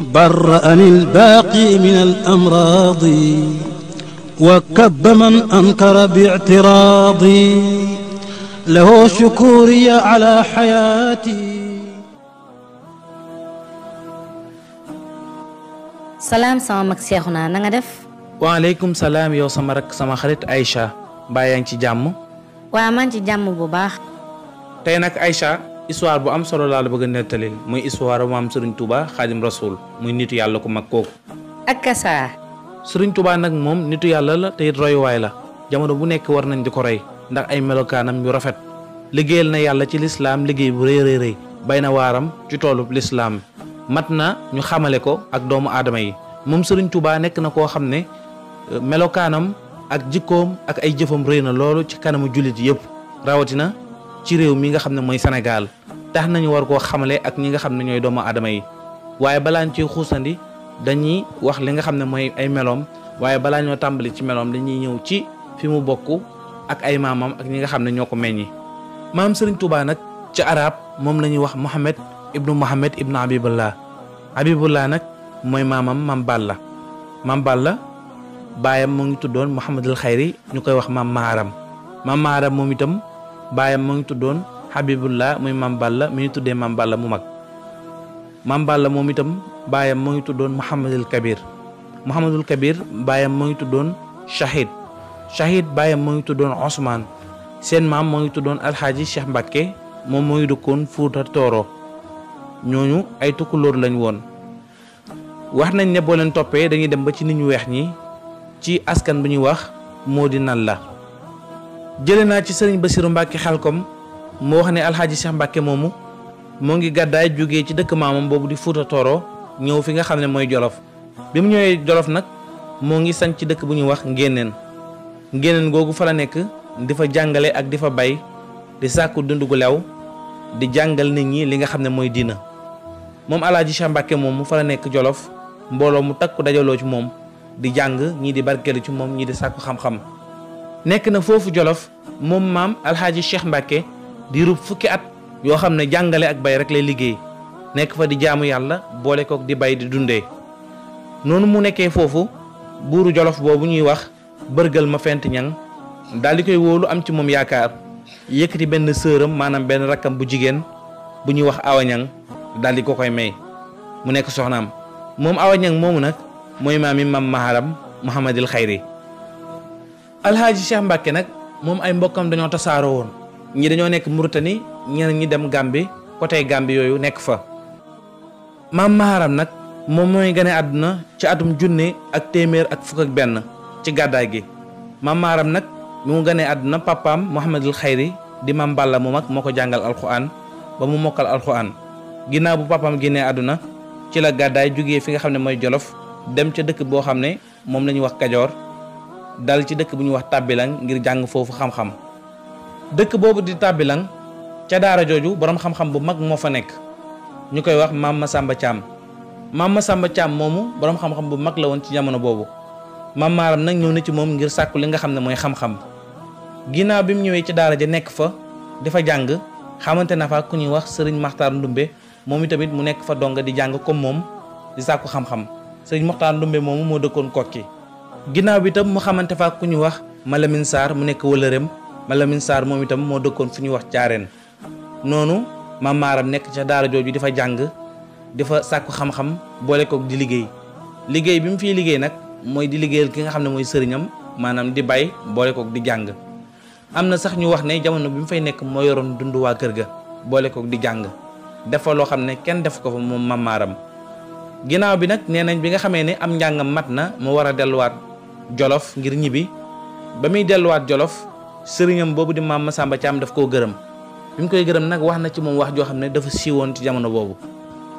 برأني الباقي من الأمراض وكب من أنكر باعتراضي له شكوري على حياتي سلام سما مكسيخنا نغدف نعم، وعليكم سلام يا سمرك سما خريت عائشة بايان تي جامو وامان تي جامو بباخ تينك عائشة histoire bu am solo laa la bëgg a nettali muy histoire maam Serigne Touba Xaadim Rasoul muy nitu yàlla ko mag kooku. ak Kasa. sëriñ Touba nag moom nitu yàlla la te royuwaay la jamono bu nekk war nañ di ko rey ndax ay melokaanam yu rafet liggéeyal na yàlla ci lislaam liggéey bu rëy rëy rëy bay na waaram ci toolu lislaam mat na ñu xamale ko ak doomu aadama yi moom Serigne Touba nekk na koo xam ne euh, melokaanam ak jikkoom ak ay jëfam rëy na loolu ci kanamu jullit yëpp rawatina ci réew mi nga xam ne mooy Sénégal. tax nañu war koo xamale ak ñi nga xam ne ñooy doomu aadama yi waaye balaa ñu ciy xuusandi dañuy wax li nga xam ne mooy ay meloom waaye balaa ñoo tàmbali ci meloom dañuy ñëw ci fi mu bokk ak ay maamam ak ñi nga xam ne ñoo ko meññ maam Sëriñ Tuubaa nag ci arab moom la ñuy wax Mohamed ibnu Mohamed ibnu Habibullah Habibullah nag mooy maamam maam Balla maam Balla baayam moo ngi tuddoon Mouhamadul Xayri ñu koy wax maam Maharam maam Maharam moom itam baayam Habibullah muy Maam la mu ngi tuddee Maam Balla mu mag Maam la moom itam baayam moo ngi tuddoon Mouhamadul Kabir Mouhamadul Kabir baayam moo ngi tuddoon Shahid Shahid baayam moo ngi tuddoon Ousmane seen maam moo ngi tuddoon Alxaaji Cheikh Mbacke moom moo ngi dëkkoon Fuuta Tooro ñooñu ay tukkulóor lañ woon wax nañ ne boo leen toppee dañuy dem ba ci nit ñu weex ñi ci askan bu ñuy wax moo di nan la jële naa ci sëriñ Basiru Mbacke xelkom moo wax ne alxaaji Cheikh Mbàkke moomu moo ngi gàddaay jóge ci dëkk maamam boobu di Fuuta Tooro ñëw fi nga xam ne mooy Jolof bi mu ñëwee Jolof nag moo ngi sañ ci dëkk bu ñuy wax ngénneen ngénneen googu fa la nekk di fa jàngale ak di fa bay di sàkku dund gu lew di jàngal nit ñi li nga xam ne mooy diina moom alaaji Cheikh Mbàkke moomu fa la nekk Jolof mbooloo mu takku dajaloo ci moom di jàng ñii di barkeelu ci moom ñii di sàkku xam-xam nekk na foofu Jolof moom maam Cheikh Mbàkke Di fukki at Yoham xam ne ak bay rek lay liggéey fa di jaamu yalla boole di bay di dundee noonu mu nekkee foofu buuru jolof boobu ñuy wax bërgal ma fent ñang daal di koy wóolu am ci moom yaakaar yëkkati benn sëram maanaam benn rakkam bu jigéen bu ñuy wax awañang daal di ko koy may mu nekk awañang mam maharam muhammadil Khairi. alhaaji cheikh mbàkke nag moom ay mbokkam ñi dañoo nekk Mauritanie ñeneen ñi dem Gambie côté Gambie yooyu nekk fa maam maharam nag moom mooy gane ci atum junne ak téeméer ak fukk ak benn ci gàddaay gi maam maharam nag mi mu gane di Mam Balla mu mag moo ko jàngal alxuraan ba mu mokkal alxuraan ginnaaw bu papaam génnee àdduna ci la gàddaay jógee fi nga xam ne Jolof dem ca dëkk boo xam ne wax dal ci dëkk bu ñuy wax Tàbbilang ngir jàng foofu xam-xam dëkk boobu di tàbbilang ca daara jooju boroom xam-xam bu mag moo fa nekk ñu koy wax maam Masamba caam maam Masamba Thiam moomu boroom xam-xam bu mag la woon ci jamono boobu maam Maaram nag ñëw na ci moom ngir sàkku li nga xam ne mooy xam-xam ginnaaw bi mu ñëwee ci daara ja nekk fa di fa jàng xamante na fa ku ñuy wax sëriñ Maxtaar Ndumbe moom itamit mu nekk fa donga di jàng comme moom di sàkku xam-xam sëriñ Maxtaar Ndumbe moomu moo dëkkoon kokki ginnaaw bi tam xamante fa ku ñuy wax Malamine Sarr mu nekk wëlëreem Malamin Sarr moom itam moo dëkkoon fu ñuy wax nek noonu maam maaram nekk ca daara jooju di fa jàng di fa sàkku xam-xam boole koog di liggéey liggéey bi mu liggéey nag mooy di liggéeyal ki nga di bay boleh kok di jàng am na sax ñu wax ne jamono bi mu fay nekk moo yoroon dund waa kër ga boole koog di defa loo xam ne kenn def ko fa moom maam maaram bi bi nga ne am njàngam mat na mu war jolof ngir ñibbi ba muy jolof sëriñam boobu di maam samba Thiam daf koo gërëm bi mu koy gërëm nag wax na ci moom wax joo xam ne dafa siiwoon ci jamono boobu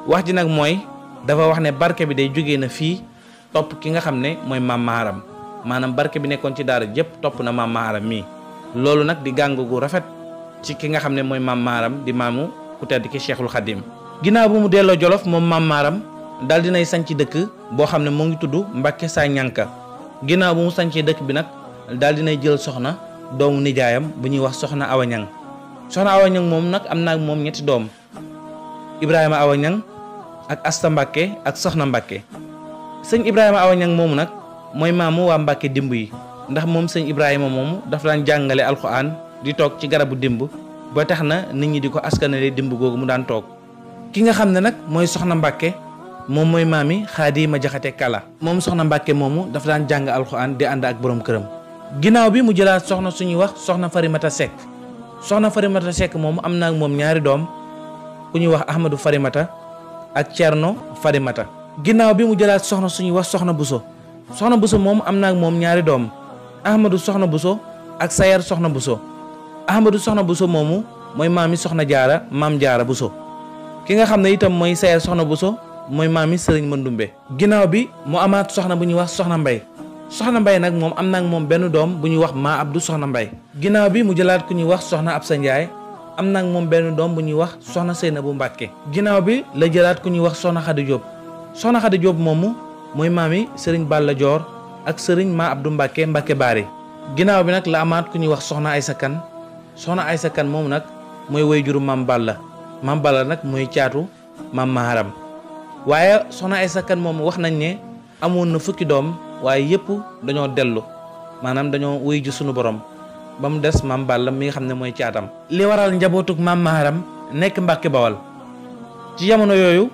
wax ji nag mooy dafa wax ne barke bi day jógee na fi top ki nga xam ne Maharam barke bi nekkoon ci daara jëpp top na mam Maharam mi loolu nag di gàngu gu rafet ci ki nga xam Maharam di mamu ku tedd ki Cheikhul Khadim ginnaaw bu mu delloo Jolof moom maam Maharam daal dinay sanc dëkk boo xam ne mu ngi tudd Mbacke Sa Ñànka ginnaaw bu mu sancee dëkk bi dinay jël soxna dom nijaayam bu ñuy wax soxna Awa sohna soxna Awa Ñang moom nag am naa moom ñetti doom Ibrahima Awa ak Asta bake ak soxna Mbàkke sëñ Ibrahima Awa Ñang moomu nag dah mom waa ibrahim dimb yi ndax moom sëñ Ibrahima moomu dafa daan jàngale alxuraan di tok ci garabu dimb ba tax nit ñi di ko askanale dimbu googu mu daan tok ki nga xam ne moy mooy soxna Mbàkke moom mooy maami Xaadima Jaxate Kala dah soxna Mbàkke moomu dafa daan jàng di ànd ak borom këram ginnaaw bi mu jëlaat soxna suñuy wax soxna Farimata Seck soxna Farimata Seck moom am naa ak moom ñaari doom ku ñuy wax Ahmadou Farimata ak Thierno Farimata ginnaaw bi mu jëlaat soxna suñuy wax soxna Bousso soxna Bousso moom am naa ak moom ñaari doom Ahmadou soxna Bousso ak Sayar soxna Bousso Ahmadou soxna Bousso moomu mooy maami soxna jaara maam jaara Bousso ki nga xam ne itam mooy Sayar soxna Bousso mooy maami Serigne Mandoumbe ginnaaw bi mu amaat soxna bu ñuy wax soxna Mbay soxna mbay nag moom am na ak moom benn doom bu ñuy wax maa abdu soxna mbay ginnaaw bi mu jëlaat ku ñuy wax soxna ab sa njaay am na ak moom benn doom bu ñuy wax soxna seyna bu mbàkke ginnaaw bi la jëlaat ku ñuy wax soxna xadi jóob soxna xadi jóob moomu mooy maami sëriñ balla joor ak sëriñ ma abdu mbàkke mbàkke bari ginnaaw bi nag la amaat ku ñuy wax soxna kan soxna aysa kan moomu nag mooy way juru balla mam balla nag mooy caatu mam maharam waaye soxna aysa kan moomu wax nañ ne amoon na fukki waaye yëpp dañoo dellu maanaam dañoo wuy ji sunu borom ba mu des maam Balla mi nga xam ne mooy caatam. li waral njabootug maam Maharam nekk Mbàkke Bawal ci jamono yooyu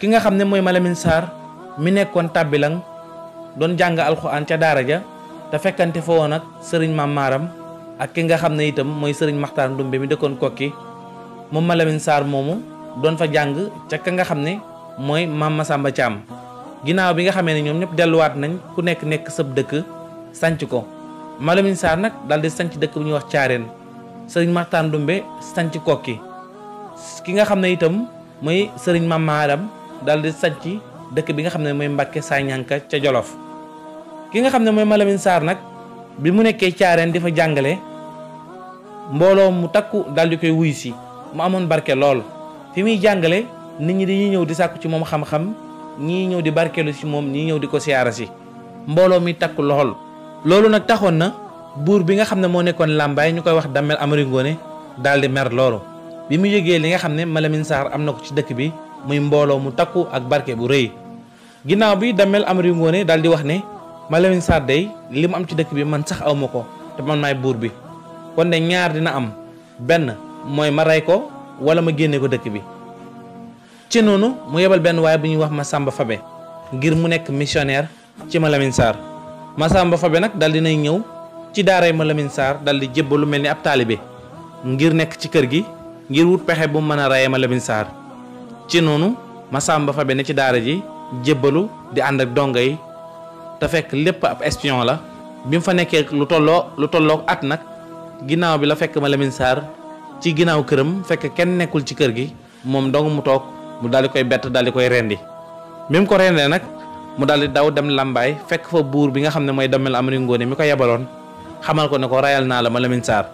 ki nga xam ne mooy Malamine Sarr mi nekkoon tàbbilang doon jàng alxuraan ca daara ja te fekkante fa woon ak sëriñ maam Maharam ak ki nga xam ne itam mooy sëriñ Maxtaar Ndumbe mi dëkkoon kokki moom Malamine Sarr moomu doon fa jàng ca nga xam ne mooy maam Masamba Thiam ginnaaw bi nga xamee ne ñoom ñëpp delluwaat nañ ku nekk nekk sab dëkk sanc ko Malamine Sarr nag daal di sanc dëkk bu ñuy wax caareen sëriñ Maxtaan Dumbe sanc kokki ki nga xam ne itam mooy sëriñ Mam Maaram daal di sanc dëkk bi nga xam ne mooy Mbàkke Sañanka ca Jolof ki nga xam ne mooy Malamine saar nag bi mu nekkee caareen di fa jàngale mbooloo mu takku daal di koy wuyu si mu amoon barke lool fi muy jàngale nit ñi dañuy ñëw di sàkku ci moom xam-xam ñii ñëw di barkeelu si moom ñii ñëw di ko siyaara si mbooloo mi takk loxol loolu nag taxoon na buur bi nga xam ne moo nekkoon làmbaay ñu koy wax Damel Amari Ngoone daal di mer loolu bi mu yëgee li nga xam ne Malamine Sarr am na ko ci dëkk bi muy mbooloo mu takku ak barke bu rëy ginnaaw bi Damel Amari Ngoone daal di wax ne Malamine Sarr day li mu am ci dëkk bi man sax aw ma ko te man maay buur bi kon de ñaar dina am benn mooy ma rey ko wala ma génne ko dëkk bi ci noonu mu yebal benn waaye bu ñuy wax Masamba Fabe ngir mu nekk missionnaire ci Malamine Sarr Masamba Fabe nag dal dinay ñëw ci daara yi Malamine Sarr dal di jébbalu mel ni ab taalibe ngir nekk ci kër gi ngir wut pexe bu mën a rayee Malamine Sarr ci noonu Masamba Fabe ne ci daara ji jébbalu di ànd ak dongo yi te fekk lépp ab espion la bi mu fa nekkee lu tolloo lu tolloo at nag ginnaaw bi la fekk Malamine Sarr ci ginnaaw këram fekk kenn nekkul ci kër gi moom dong mu toog mu daal di koy bett daal di koy rendi bi ko rendee nag mu daal di daw dem làmbaay fekk fa buur bi nga xam ne mooy damel amari ngoone mi ko yebaloon xamal ne ko rayal naa la ma Lamine Sarr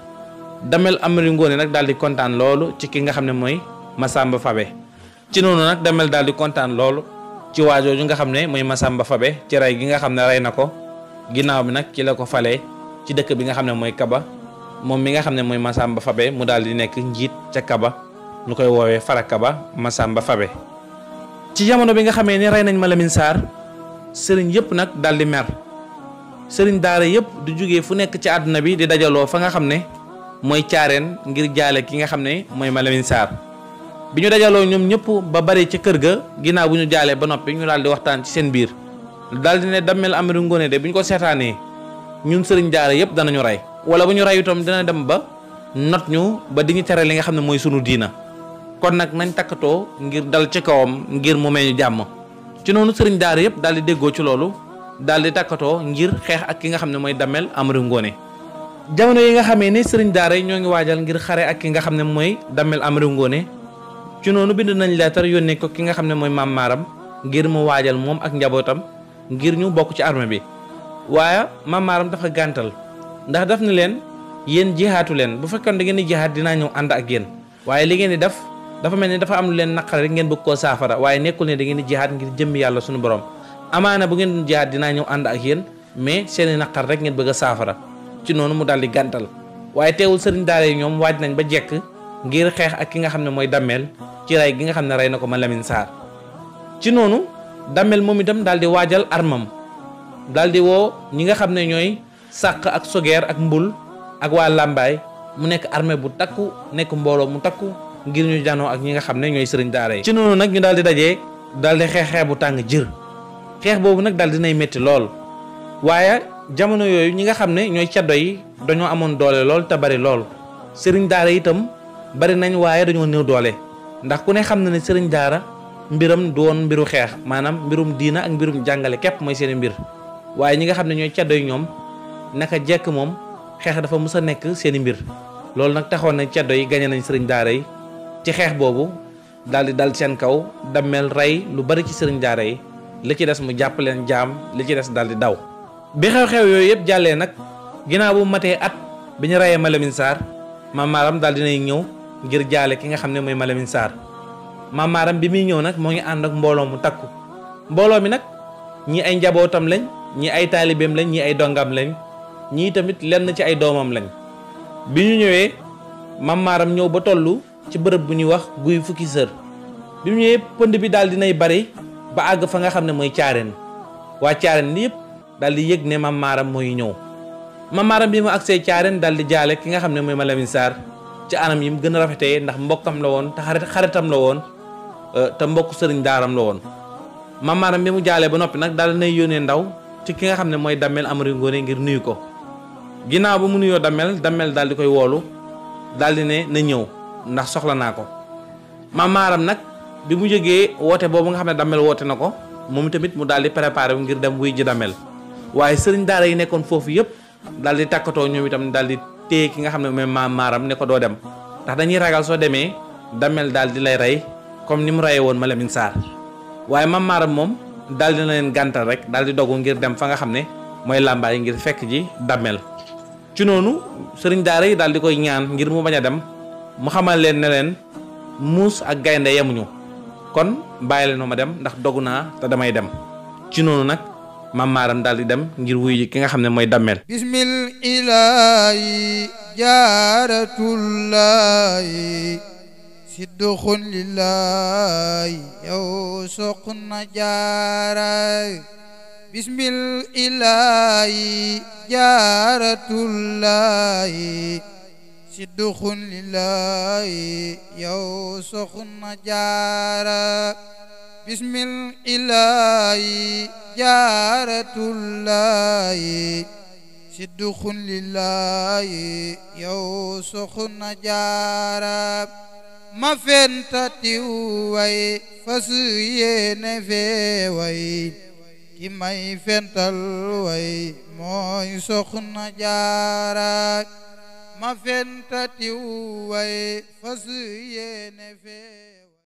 damel ngoone nag daal di kontaan loolu ci ki nga xam ne mooy Masamba Fabe ci noonu nag damel daal di kontaan loolu ci waajooju nga xam ne Masamba Fabe ci rey gi nga xam ne rey na ko ginnaaw bi nag ci la ko falee ci dëkk bi nga xam ne mooy Kaba moom mi nga xam ne mooy Masamba Fabe mu daal di nekk njiit ca Kaba ñu koy woowee faraka farakaba Masamba Fabe ci jamono bi nga xamee ne rey nañ ma Lamine Sarr sëriñ yëpp nag daal di mer sëriñ daara yëpp di jóge fu nekk ci àdduna bi di dajaloo fa nga xam ne mooy caareen ngir jaale ki nga xam ne mooy ma Lamine Sarr bi ñu dajaloo ñoom ñëpp ba bari ci kër ga ginnaaw bu ñu jaalee ba noppi ñu daal di waxtaan ci seen biir daal di ne dammel Amadou Ngoné de bu ñu ko seetaanee ñun sëriñ daara yëpp danañu rey wala bu ñu rey itam dina dem ba not ñu ba di ñu li nga xam ne mooy sunu diina. kon nag nañ takkatoo ngir dal ci kawam ngir mu meñu jàmm ci noonu sëriñ daara yëpp daal di déggoo ci loolu daal di takkatoo ngir xeex ak ki nga xam ne mooy Damel Amari Ngoone jamono yi nga xamee ne sëriñ daara yi ñoo ngi waajal ngir xare ak ki nga xam ne mooy Damel Amari Ngoone ci noonu bind nañ leetar yónnee ko ki nga xam ne mooy maam ngir mu waajal moom ak njabootam ngir ñu bokk ci armée bi waaye maam dafa gàntal ndax def ni leen yéen jihaatu leen bu fekkoon ngeen di jihaat dinaa ñëw ànd ak yéen dafa mel dafa am lu leen naqar rek ngeen bëgg koo saafara waaye nekkul ne da ngeen di jihaad ngir jëm yàlla suñu borom amaana bu ngeen jihaad dinaa ñëw ànd ak yéen mais seeni naqar rek ngeen bëgg a saafara ci noonu mu daal di gàntal waaye teewul sëriñ daara yi ñoom nañ ba jekk ngir xeex ak ki nga xam ne mooy dammeel ci rey gi nga xam ne rey na ko ma Lamine Sarr ci noonu dammeel moom itam daal armam daal di woo ñi nga xam ne ñooy sàq ak sogeer ak mbul ak waa làmbaay mu nekk armée bu takku nekk mbooloo mu takku ngir ñu janoo ak ñi nga xam ne ñooy sëriñ daara yi ci noonu nag ñu daal di dajee xeex xeex bu tàng jër xeex boobu nag daal nay métti lool waaye jamono yooyu ñi nga xam ne ñooy caddo yi dañoo amoon doole lool te bari lool sëriñ daara itam bari nañ waaye dañoo néew doole ndax ku ne xam na ne sëriñ daara mbiram du woon mbiru xeex maanaam mbirum diina ak mbirum jàngale képp mooy seeni mbir waaye ñi nga xam ne ñooy caddo yi ñoom naka jekk moom xeex dafa mus a nekk seen i mbir loolu nag taxoon na ceddo yi gañe nañ sëriñ daara yi ci xeex boobu daal di dal seen kaw dammel rey lu bari ci sëriñ daara yi li ci des mu jàpp leen jaam li ci des daal di daw bi xew-xew yooyu yëpp jàllee nag ginnaaw bu matee at bi ñu reyee Malamine Sarr maam Maram daal dinay ñëw ngir jaale ki nga xam ne mooy Malamine Sarr maam Maram bi muy ñëw nag moo ngi ànd ak mbooloo mu takku mbooloo mi nag ñii ay njabootam lañ ñii ay taalibeem lañ ñii ay dongam lañ ñii tamit lenn ci ay doomam lañ bi ñu ñëwee maam ñëw ci bërëb bu ñuy wax guy fukki sër bi mu ñëwee pënd bi daal dinay bari ba àgg fa nga xam ne mooy caareen waa caareen li yëpp daal di yëg ne mam maaram mooy ñëw mam maaram bi mu agsee caareen daal di jaale ki nga xam ne mooy Malamine Sarr ci anam yi mu gën a rafetee ndax mbokkam la woon te xaritam la woon euh, te mbokk sëriñ daaram la woon mam maaram bi mu jaalee ba noppi nag daal di nay yónnee ndaw ci ki nga xam ne mooy Damel Amari Ngoone ngir nuyu ko ginnaaw ba mu nuyoo Damel Damel daal di koy woolu daal di ne na ñëw ndax soxla naa ko maam maaram nag bi mu jógee woote boobu nga xam ne dammel woote na ko moom tamit mu daal di préparé wu ngir dem wuy ji dammel waaye sëriñ daara yi nekkoon foofu yëpp daal di takkatoo ñoom itam daal di ki nga xam ne mooy maam maaram ne doo dem ndax dañuy ragal soo demee dammel daal di lay rey comme ni mu reyee woon Malamine Sarr waaye maam maaram moom daal di na leen gàntal rek daal di dogu ngir dem fa nga xam ne mooy làmbaay ngir fekk ji dammel ci noonu sëriñ daara yi daal di koy ñaan ngir mu bañ a dem mu xamal leen leen muus ak gaynde yemuñu kon bàyyi leen ma dem ndax dogu naa te damay dem ci noonu nag maam maaram daal di dem ngir wuyu ki nga xam ne mooy dammeel bismil ilaahi jaaratullaahi صدق لله يوسخ النجار بسم الإله جارة الله صدق لله يوسخ النجار ما فنت تيوي فسيين فيوي كما فنت الوي ما سخن جارك ma fenta tiw way fas yéene fee